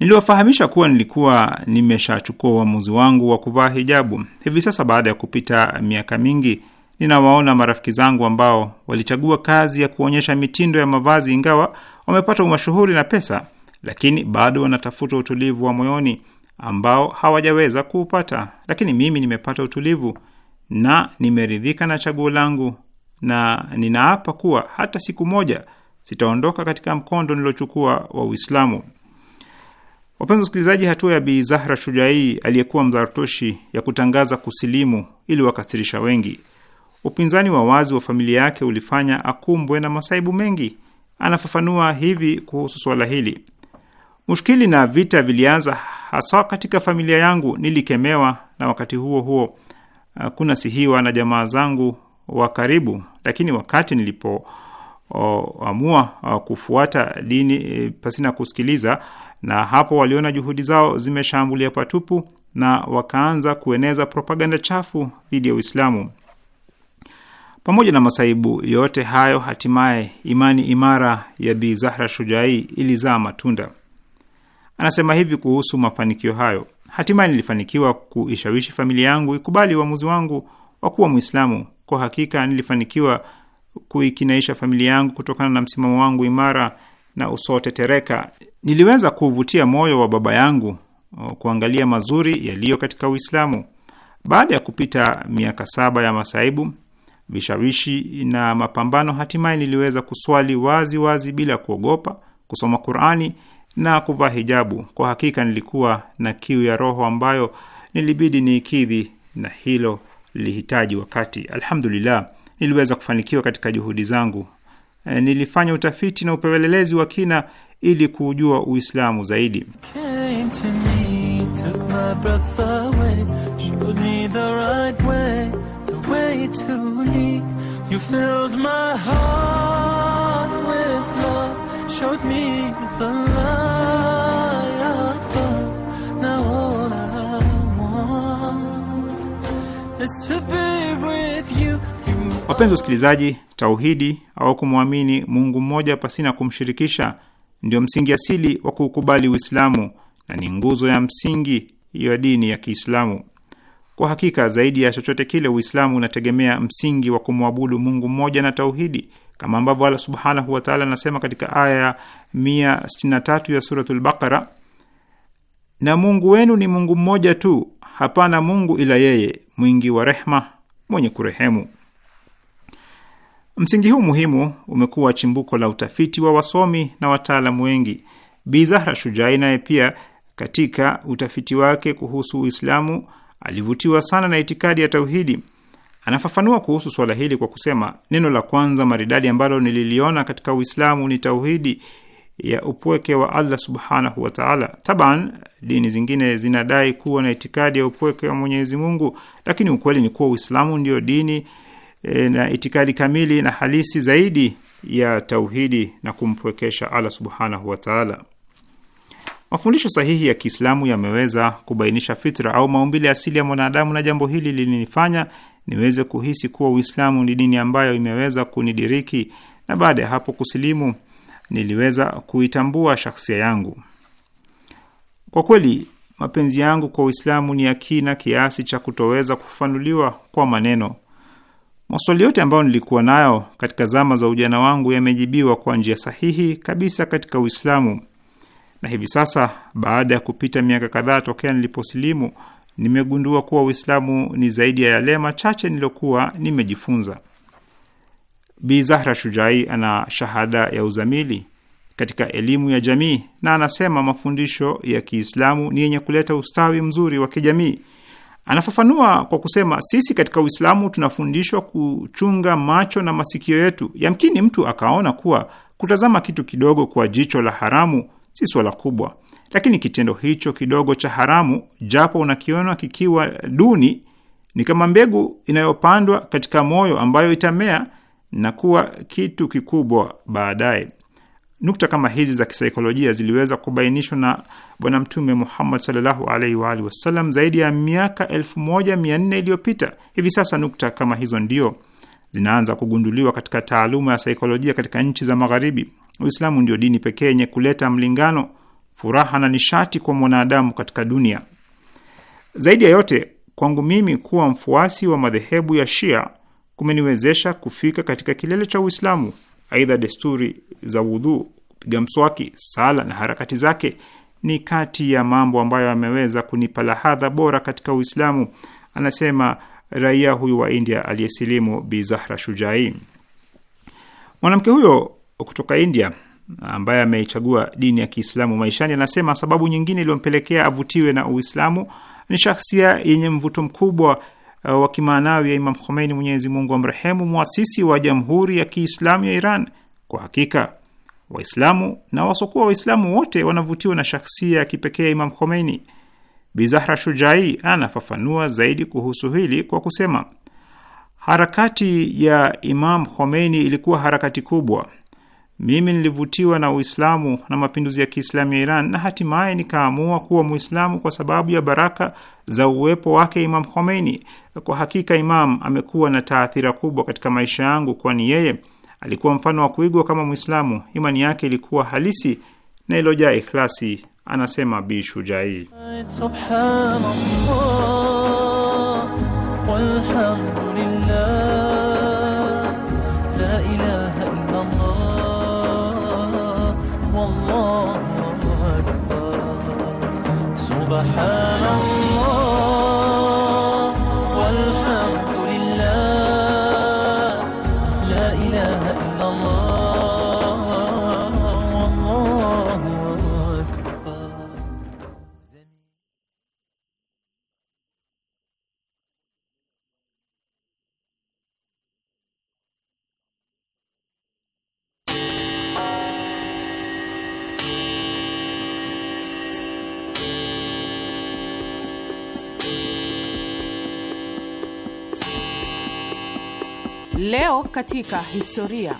Niliwafahamisha kuwa nilikuwa nimeshachukua uamuzi wangu wa kuvaa hijabu. Hivi sasa, baada ya kupita miaka mingi, ninawaona marafiki zangu ambao walichagua kazi ya kuonyesha mitindo ya mavazi, ingawa wamepata umashuhuri na pesa, lakini bado wanatafuta utulivu wa moyoni ambao hawajaweza kuupata. Lakini mimi nimepata utulivu na nimeridhika na chaguo langu, na ninaapa kuwa hata siku moja sitaondoka katika mkondo nilochukua wa Uislamu. Wapenzi wasikilizaji, hatua ya Bi Zahra Shujai aliyekuwa Mzartoshi ya kutangaza kusilimu ili wakasirisha wengi. Upinzani wa wazi wa familia yake ulifanya akumbwe na masaibu mengi. Anafafanua hivi kuhusu swala hili: mushkili na vita vilianza haswa katika familia yangu. Nilikemewa na wakati huo huo uh, kuna sihiwa na jamaa zangu wa karibu, lakini wakati nilipoamua uh, kufuata dini eh, pasina kusikiliza na hapo waliona juhudi zao zimeshambulia patupu na wakaanza kueneza propaganda chafu dhidi ya Uislamu. Pamoja na masaibu yote hayo, hatimaye imani imara ya Bi Zahra Shujai ilizaa matunda. Anasema hivi kuhusu mafanikio hayo: hatimaye nilifanikiwa kuishawishi familia yangu ikubali uamuzi wa wangu wa kuwa Mwislamu. Kwa hakika nilifanikiwa kuikinaisha familia yangu kutokana na msimamo wangu imara na usotetereka. Niliweza kuvutia moyo wa baba yangu kuangalia mazuri yaliyo katika Uislamu. Baada ya kupita miaka saba ya masaibu, vishawishi na mapambano, hatimaye niliweza kuswali wazi wazi bila kuogopa, kusoma Qurani na kuvaa hijabu. Kwa hakika nilikuwa na kiu ya roho ambayo nilibidi niikidhi, na hilo lilihitaji wakati. Alhamdulillah, niliweza kufanikiwa katika juhudi zangu e, nilifanya utafiti na upelelezi wa kina ili kujua Uislamu zaidi. Wapenzi wasikilizaji, tauhidi au kumwamini Mungu mmoja pasina kumshirikisha ndio msingi asili wa kuukubali Uislamu na ni nguzo ya msingi ya dini ya Kiislamu. Kwa hakika, zaidi ya chochote kile, Uislamu unategemea msingi wa kumwabudu Mungu mmoja na tauhidi, kama ambavyo Allah subhanahu wataala anasema katika aya ya 163 ya Suratul Baqara, na Mungu wenu ni Mungu mmoja tu, hapana Mungu ila yeye, mwingi wa rehma, mwenye kurehemu. Msingi huu muhimu umekuwa chimbuko la utafiti wa wasomi na wataalamu wengi. Bi Zahra Shujai naye pia katika utafiti wake kuhusu Uislamu alivutiwa sana na itikadi ya tauhidi. Anafafanua kuhusu suala hili kwa kusema, neno la kwanza maridadi ambalo nililiona katika Uislamu ni tauhidi ya upweke wa Allah subhanahu wataala. Taban, dini zingine zinadai kuwa na itikadi ya upweke wa Mwenyezi Mungu, lakini ukweli ni kuwa Uislamu ndio dini E, na itikadi kamili na halisi zaidi ya tauhidi na kumpwekesha Allah subhanahu wataala. Mafundisho sahihi ya Kiislamu yameweza kubainisha fitra au maumbile asili ya mwanadamu, na jambo hili lilinifanya niweze kuhisi kuwa Uislamu ni dini ambayo imeweza kunidiriki, na baada ya hapo kusilimu niliweza kuitambua shakhsia yangu. Kwa kweli mapenzi yangu kwa Uislamu ni ya kina kiasi cha kutoweza kufanuliwa kwa maneno. Maswali yote ambayo nilikuwa nayo katika zama za ujana wangu yamejibiwa kwa njia sahihi kabisa katika Uislamu, na hivi sasa baada ya kupita miaka kadhaa tokea niliposilimu, nimegundua kuwa Uislamu ni zaidi ya yale machache niliyokuwa nimejifunza. Bi Zahra Shujai ana shahada ya uzamili katika elimu ya jamii na anasema mafundisho ya Kiislamu ni yenye kuleta ustawi mzuri wa kijamii Anafafanua kwa kusema, sisi katika Uislamu tunafundishwa kuchunga macho na masikio yetu. Yamkini mtu akaona kuwa kutazama kitu kidogo kwa jicho la haramu si swala kubwa, lakini kitendo hicho kidogo cha haramu, japo unakiona kikiwa duni, ni kama mbegu inayopandwa katika moyo ambayo itamea na kuwa kitu kikubwa baadaye. Nukta kama hizi za kisaikolojia ziliweza kubainishwa na Bwana Mtume Muhammad sallallahu alaihi wa alihi wasallam zaidi ya miaka elfu moja mia nne iliyopita. Hivi sasa nukta kama hizo ndio zinaanza kugunduliwa katika taaluma ya saikolojia katika nchi za Magharibi. Uislamu ndio dini pekee yenye kuleta mlingano, furaha na nishati kwa mwanadamu katika dunia. Zaidi ya yote, kwangu mimi kuwa mfuasi wa madhehebu ya Shia kumeniwezesha kufika katika kilele cha Uislamu Aidha, desturi za wudhu, kupiga mswaki, sala na harakati zake ni kati ya mambo ambayo ameweza kunipa lahadha bora katika Uislamu, anasema raia huyu wa India aliyesilimu Bi Zahra Shujai. Mwanamke huyo kutoka India ambaye ameichagua dini ya Kiislamu maishani, anasema sababu nyingine iliyompelekea avutiwe na Uislamu ni shahsia yenye mvuto mkubwa Eh, wa kimaanawi ya Imam Khomeini, Mwenyezi Mungu amrehemu, mwasisi wa Jamhuri ya Kiislamu ya Iran. Kwa hakika Waislamu na wasokuwa Waislamu wote wanavutiwa na shakhsia ya kipekee ya Imam Khomeini. Bizahra Shujai anafafanua zaidi kuhusu hili kwa kusema, harakati ya Imam Khomeini ilikuwa harakati kubwa mimi nilivutiwa na Uislamu na mapinduzi ya Kiislamu ya Iran na hatimaye nikaamua kuwa Muislamu kwa sababu ya baraka za uwepo wake Imam Khomeini. Kwa hakika, Imam amekuwa na taathira kubwa katika maisha yangu, kwani yeye alikuwa mfano wa kuigwa kama Muislamu. Imani yake ilikuwa halisi na ilojaa ikhlasi, anasema Bi Shujai. Subhanallah walhamdulillah سبحان Leo katika historia.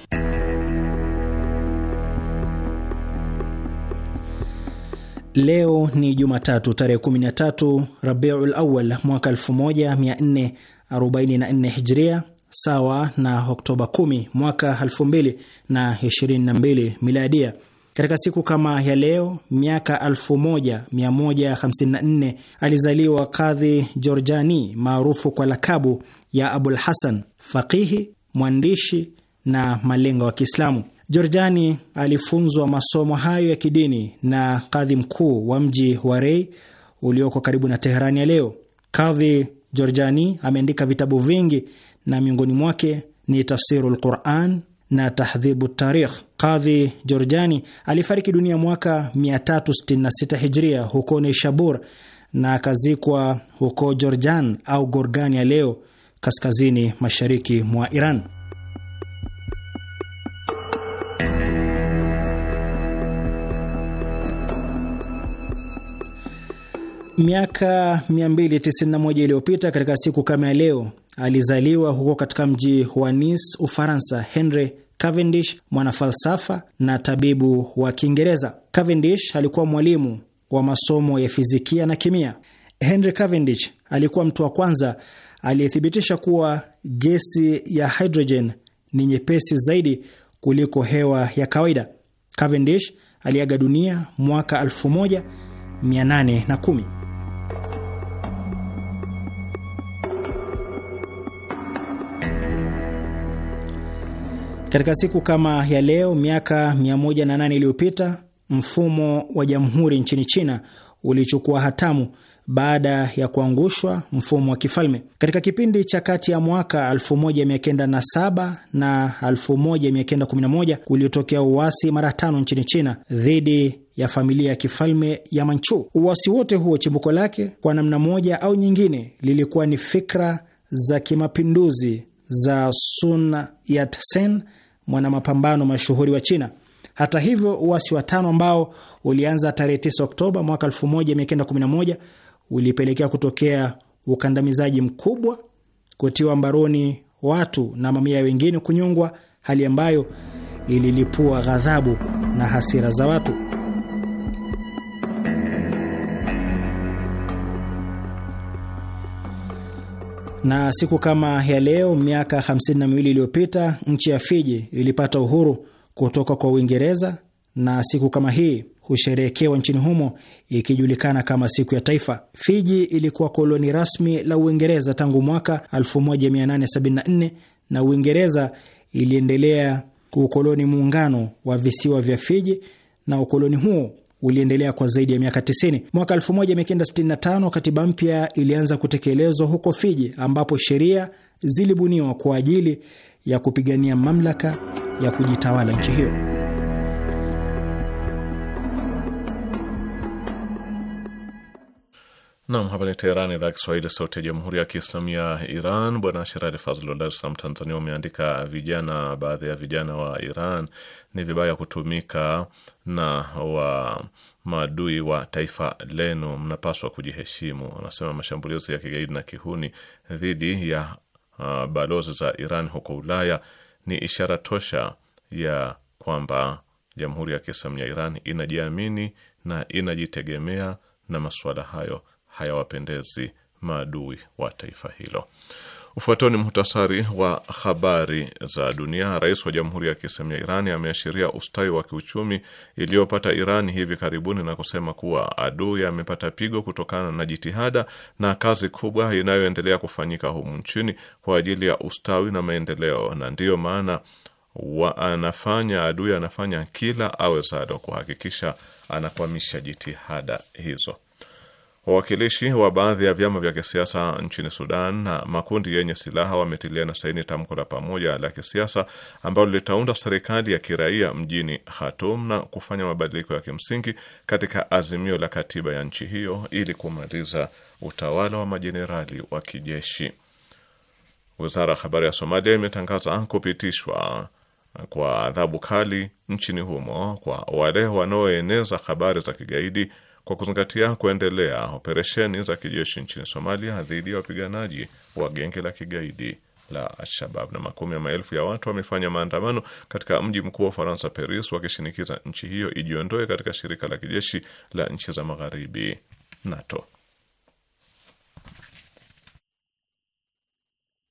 Leo ni Jumatatu tarehe 13 Rabiul Awal mwaka 1444 Hijria, sawa na Oktoba 10 mwaka 2022 Miladia. Katika siku kama ya leo miaka 1154 alizaliwa Kadhi Jorjani maarufu kwa lakabu ya Abul Hasan, faqihi mwandishi na malenga wa Kiislamu. Jorjani alifunzwa masomo hayo ya kidini na kadhi mkuu wa mji wa Rei ulioko karibu na Teherani ya leo. Kadhi Jorjani ameandika vitabu vingi na miongoni mwake ni Tafsiru lquran na Tahdhibu Tarikh. Kadhi Jorjani alifariki dunia mwaka 366 Hijria huko Neishabur na akazikwa huko Jorjan au Gorgani ya leo kaskazini mashariki mwa Iran. Miaka 291 iliyopita katika siku kama ya leo alizaliwa huko katika mji wa Nice, Ufaransa, Henry Cavendish, mwanafalsafa na tabibu wa Kiingereza. Cavendish alikuwa mwalimu wa masomo ya fizikia na kimia. Henry Cavendish alikuwa mtu wa kwanza aliyethibitisha kuwa gesi ya hydrogen ni nyepesi zaidi kuliko hewa ya kawaida. Cavendish aliaga dunia mwaka 1810. Katika siku kama ya leo miaka 108 iliyopita mfumo wa jamhuri nchini China ulichukua hatamu baada ya kuangushwa mfumo wa kifalme. Katika kipindi cha kati ya mwaka 1907 na 1911 uliotokea uasi mara tano nchini China dhidi ya familia ya kifalme ya Manchu. Uasi wote huo chimbuko lake kwa namna moja au nyingine lilikuwa ni fikra za kimapinduzi za Sun Yat-sen, mwanamapambano mashuhuri wa China. Hata hivyo, uasi wa tano ambao ulianza tarehe 9 Oktoba mwaka 1911 ulipelekea kutokea ukandamizaji mkubwa, kutiwa mbaroni watu na mamia wengine kunyongwa, hali ambayo ililipua ghadhabu na hasira za watu. Na siku kama ya leo miaka 52 iliyopita nchi ya Fiji ilipata uhuru kutoka kwa Uingereza, na siku kama hii husherehekewa nchini humo ikijulikana kama siku ya taifa. Fiji ilikuwa koloni rasmi la Uingereza tangu mwaka 1874 na Uingereza iliendelea ukoloni muungano wa visiwa vya Fiji na ukoloni huo uliendelea kwa zaidi ya miaka 90. Mwaka 1965 katiba mpya ilianza kutekelezwa huko Fiji, ambapo sheria zilibuniwa kwa ajili ya kupigania mamlaka ya kujitawala nchi hiyo. Nam, hapa ni Teherani, idhaa Kiswahili, sauti ya jamhuri ya kiislamu ya Iran. Bwana Sherali Fazl wa Dar es Salaam, Tanzania, umeandika vijana, baadhi ya vijana wa Iran ni vibaya kutumika na wa maadui wa taifa lenu, mnapaswa kujiheshimu. Anasema mashambulizi ya kigaidi na kihuni dhidi ya uh, balozi za Iran huko Ulaya ni ishara tosha ya kwamba jamhuri ya kiislamu ya Iran inajiamini na inajitegemea na masuala hayo hayawapendezi maadui wa taifa hilo. Ufuatao ni muhtasari wa habari za dunia. Rais wa Jamhuri ya Kiislamu ya Iran ameashiria ustawi wa kiuchumi iliyopata Iran hivi karibuni na kusema kuwa adui amepata pigo kutokana na jitihada na kazi kubwa inayoendelea kufanyika humu nchini kwa ajili ya ustawi na maendeleo, na ndiyo maana wa anafanya adui anafanya kila awezalo kuhakikisha anakwamisha jitihada hizo. Wawakilishi wa baadhi ya vyama vya kisiasa nchini Sudan na makundi yenye silaha wametilia na saini tamko la pamoja la kisiasa ambalo litaunda serikali ya kiraia mjini Khartoum na kufanya mabadiliko ya kimsingi katika azimio la katiba ya nchi hiyo ili kumaliza utawala wa majenerali wa kijeshi. Wizara ya habari ya Somalia imetangaza kupitishwa kwa adhabu kali nchini humo kwa wale wanaoeneza habari za kigaidi kwa kuzingatia kuendelea operesheni za kijeshi nchini Somalia dhidi ya wapiganaji wa genge la kigaidi la Alshabab. Na makumi ya maelfu ya watu wamefanya maandamano katika mji mkuu wa Ufaransa, Paris, wakishinikiza nchi hiyo ijiondoe katika shirika la kijeshi la nchi za magharibi NATO.